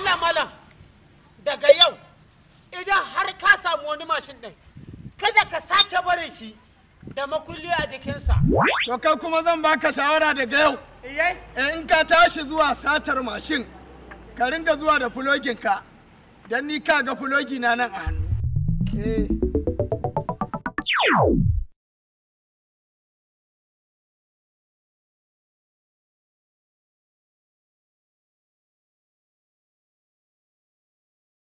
Allah malam daga yau idan har ka samu wani mashin ɗin kada ka sake barin shi da makulli a jikinsa. To kai kuma zan baka shawara daga yau. Iye? Eh, in ka tashi zuwa satar mashin ka ringa zuwa da fuloginka don ni ka ga fulogi na nan a hannu. Eh.